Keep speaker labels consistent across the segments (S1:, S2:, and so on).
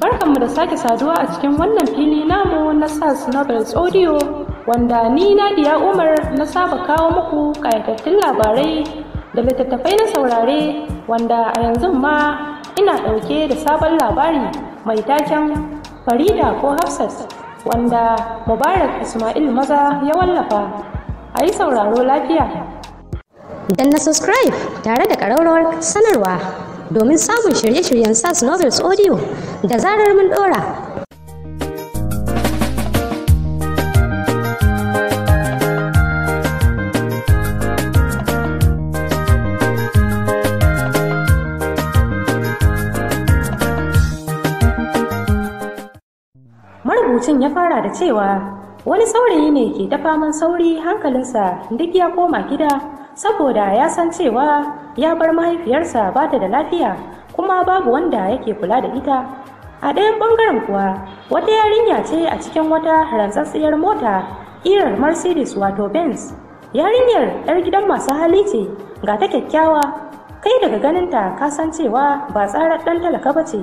S1: Barkanmu da sake saduwa a cikin wannan fili namu na SAS Novels Audio wanda ni Nadia Umar na saba kawo muku kayatattun labarai da littattafai na saurare wanda a yanzu ma ina ɗauke da sabon labari mai taken Farida ko Hafsat wanda Mubarak Ismail Maza ya wallafa. A yi sauraro lafiya. Dan na subscribe tare da ƙararrawar sanarwa. domin samun shirye-shiryen SAS Novels Audio da zarar mun ɗora. Marubucin ya fara da cewa wani saurayi ne ke dafa man sauri hankalinsa duk ya koma gida saboda ya san cewa ya bar mahaifiyarsa ba ta da lafiya kuma babu wanda yake kula da ita a ɗayan ɓangaren kuwa wata yarinya ce a cikin wata rantsatsiyar mota ƙirar mercedes wato benz yarinyar 'yar gidan masu hali ce ga ta kyakkyawa kai daga ganinta ka san cewa ba tsarar ɗan talaka ba ce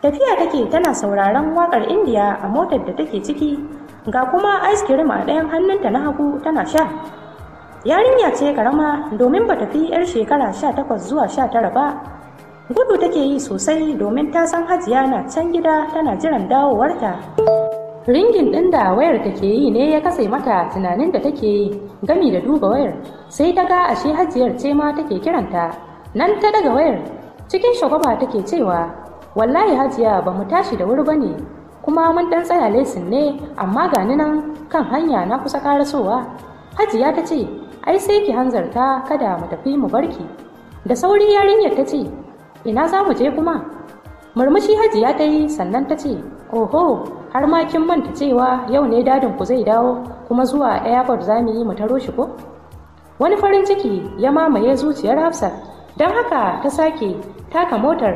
S1: tafiya take tana sauraron waƙar indiya a motar da take ciki ga kuma ice cream a ɗayan hannunta na hagu tana sha yarinya ce karama domin ba tafi 'yar shekara sha takwas zuwa sha tara ba gudu take yi sosai domin ta san hajiya na can gida tana jiran dawowarta ringin ɗin da wayar take yi ne ya kasai mata tunanin da take yi gami da duba wayar sai ta ga ashe hajiyar ce ma take kiranta nan ta daga wayar cikin shagwaba take cewa wallahi hajiya ba mu tashi da wuri bane kuma mun dan tsaya lesin ne amma gani nan kan hanya na kusa karasowa hajiya ta ce ai sai ki hanzarta kada mu tafi mu barki da sauri yarinyar ta ce ina za mu je kuma murmushi hajiya ta yi sannan ta ce oho har ma kin manta cewa yau ne dadin ku zai dawo kuma zuwa airport za mu yi mu taro shi ko wani farin ciki ya mamaye zuciyar hafsat don haka ta sake taka motar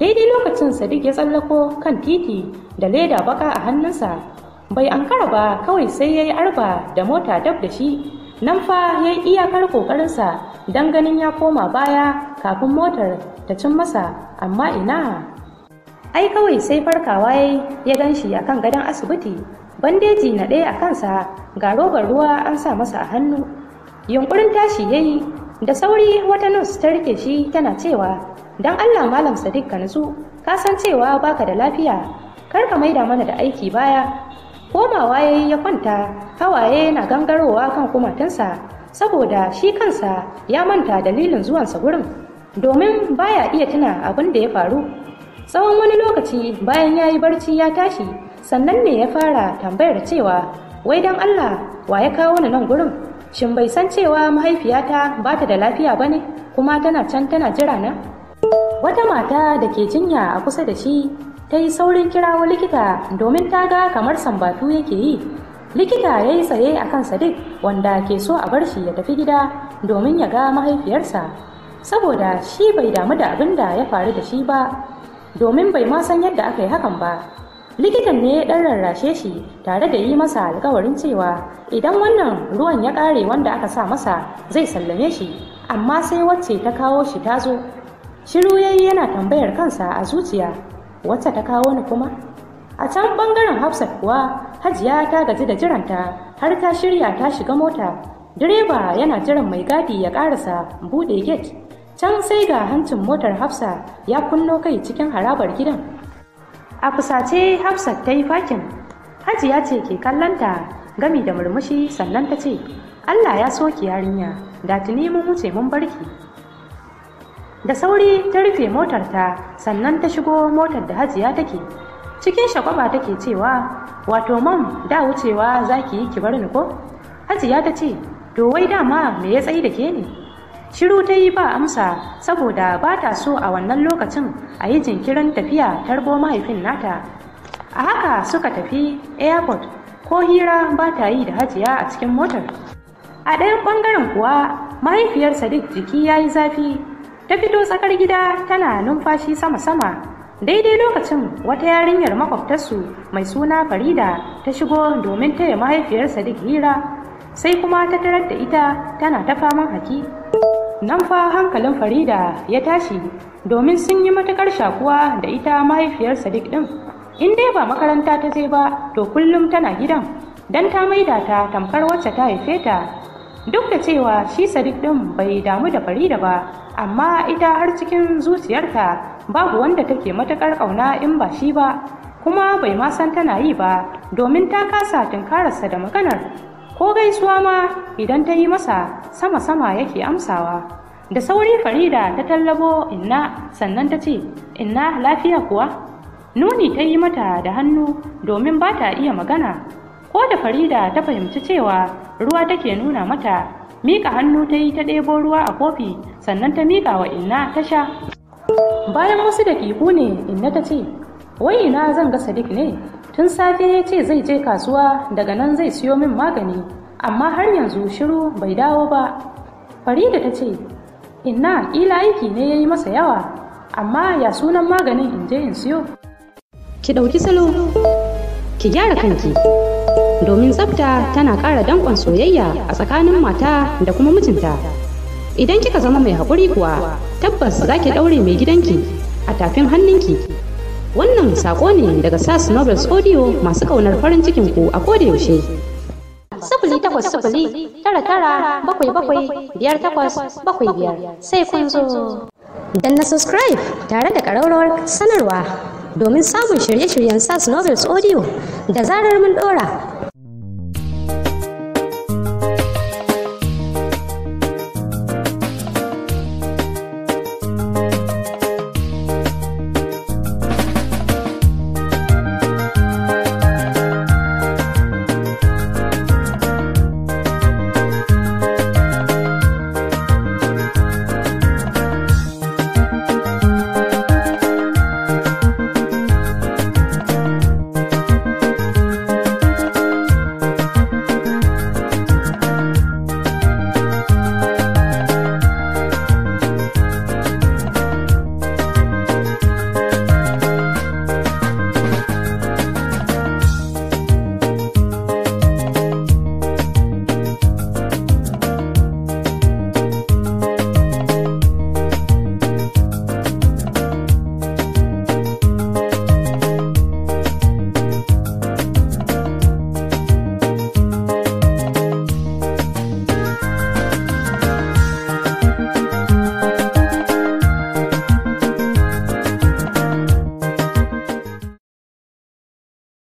S1: daidai lokacin sadiq ya tsallako kan titi da leda baka a hannunsa bai ankara ba kawai sai ya yi arba da mota dab da shi nan fa ya yi iyakar ƙoƙarinsa don ganin ya koma baya kafin motar ta cin masa amma ina ai kawai sai farkawa ya ya gan shi a kan gadon asibiti bandeji na ɗaya a kansa ga robar ruwa an sa masa a hannu yunkurin tashi ya da sauri wata nurse ta rike shi tana cewa don allah malam sadiq ka nutsu ka san cewa baka da lafiya kar ka maida mana da aiki baya komawa ya yi ya kwanta hawaye na gangarowa kan kumatinsa saboda shi kansa ya manta dalilin zuwansa gurin domin baya iya tuna abin da ya faru tsawon wani lokaci bayan ya yi barci ya tashi sannan ne ya fara tambayar cewa wai don allah wa ya kawo ni nan gurin shin bai san cewa mahaifiyata ba ta da lafiya ba ne kuma tana can tana jira na wata mata da ke jinya a kusa da shi ta yi saurin kirawo likita domin ta ga kamar sambatu yake yi likita ya yi tsaye a kan sadiq wanda ke so a bar shi ya tafi gida domin ya ga mahaifiyarsa saboda shi bai damu da abin da ya faru da shi ba domin bai ma san yadda aka yi hakan ba likitan ne ya ɗan rarrashe shi tare da yi masa alkawarin cewa idan wannan ruwan ya ƙare wanda aka sa masa zai sallame shi amma sai wacce ta kawo shi ta zo shiru yayi yana tambayar kansa a zuciya Wata ta kawo ni kuma a can bangaren hafsat kuwa hajiya ta gaji da jiranta har ta shirya ta shiga mota direba yana jiran mai gadi ya karasa bude gate can sai ga hancin motar hafsa ya kunno kai cikin harabar gidan a fusace hafsat ta yi fakin hajiya ce ke kallonta gami da murmushi sannan ta ce allah ya soke yarinya da tuni mun wuce mun barki da sauri ta rufe motarta sannan ta shigo motar da hajiya take cikin shagwaba take cewa wato mam da wucewa za ki yi ki bar ni ko hajiya ta ce to wai dama me ya tsayi da ke ne shiru ta yi ba amsa saboda ba ta so a wannan lokacin a yi jinkirin tafiya tarbo mahaifin nata a haka suka tafi airport ko hira ba ta yi da hajiya a cikin motar a ɗayan ɓangaren kuwa mahaifiyar sadiq jiki ya yi zafi ta fito tsakar gida tana numfashi sama-sama daidai lokacin wata yarinyar makwabtarsu mai suna farida ta shigo domin taya mahaifiyarsa duk hira sai kuma ta tarar da ita tana ta faman haki nan fa hankalin farida ya tashi domin sun yi matukar shakuwa da ita mahaifiyarsa duk din in dai ba makaranta ta je ba to kullum tana gidan don ta maida ta tamkar wacce ta haife ta duk da cewa shi sadiq ɗin bai damu da farida ba amma ita har cikin zuciyarta babu wanda take matakar ƙauna in ba shi ba kuma bai ma san tana yi ba domin ta kasa tunkararsa da maganar ko gaisuwa ma idan ta yi masa sama-sama yake amsawa da sauri farida ta tallabo inna sannan ta ce inna lafiya kuwa nuni ta yi mata da hannu domin ba ta iya magana ko da farida ta fahimci cewa ruwa take nuna mata mika hannu ta yi ta ɗebo ruwa a kofi sannan ta mika wa inna ta sha bayan wasu dakiku ne inna ta ce wai ina zan ga sadiq ne tun safe ya ce zai je kasuwa daga nan zai siyo min magani amma har yanzu shiru bai dawo ba farida ta ce inna ƙila aiki ne ya yi masa yawa amma ya sunan maganin in je in siyo ki ɗauki salo ki gyara kanki domin tsafta tana ƙara danƙon soyayya a tsakanin mata da kuma mijinta. Idan kika zama mai haƙuri kuwa tabbas za ki ɗaure mai gidanki a tafin hannunki. Wannan saƙo ne daga SAS Nobles Audio masu ƙaunar farin cikin ku a yaushe. Sufuri takwas sufuri tara tara bakwai bakwai biyar takwas bakwai biyar sai kun zo. Dan na subscribe tare da ƙararrawar sanarwa domin samun shirye-shiryen SAS Nobles Audio da zarar mun ɗora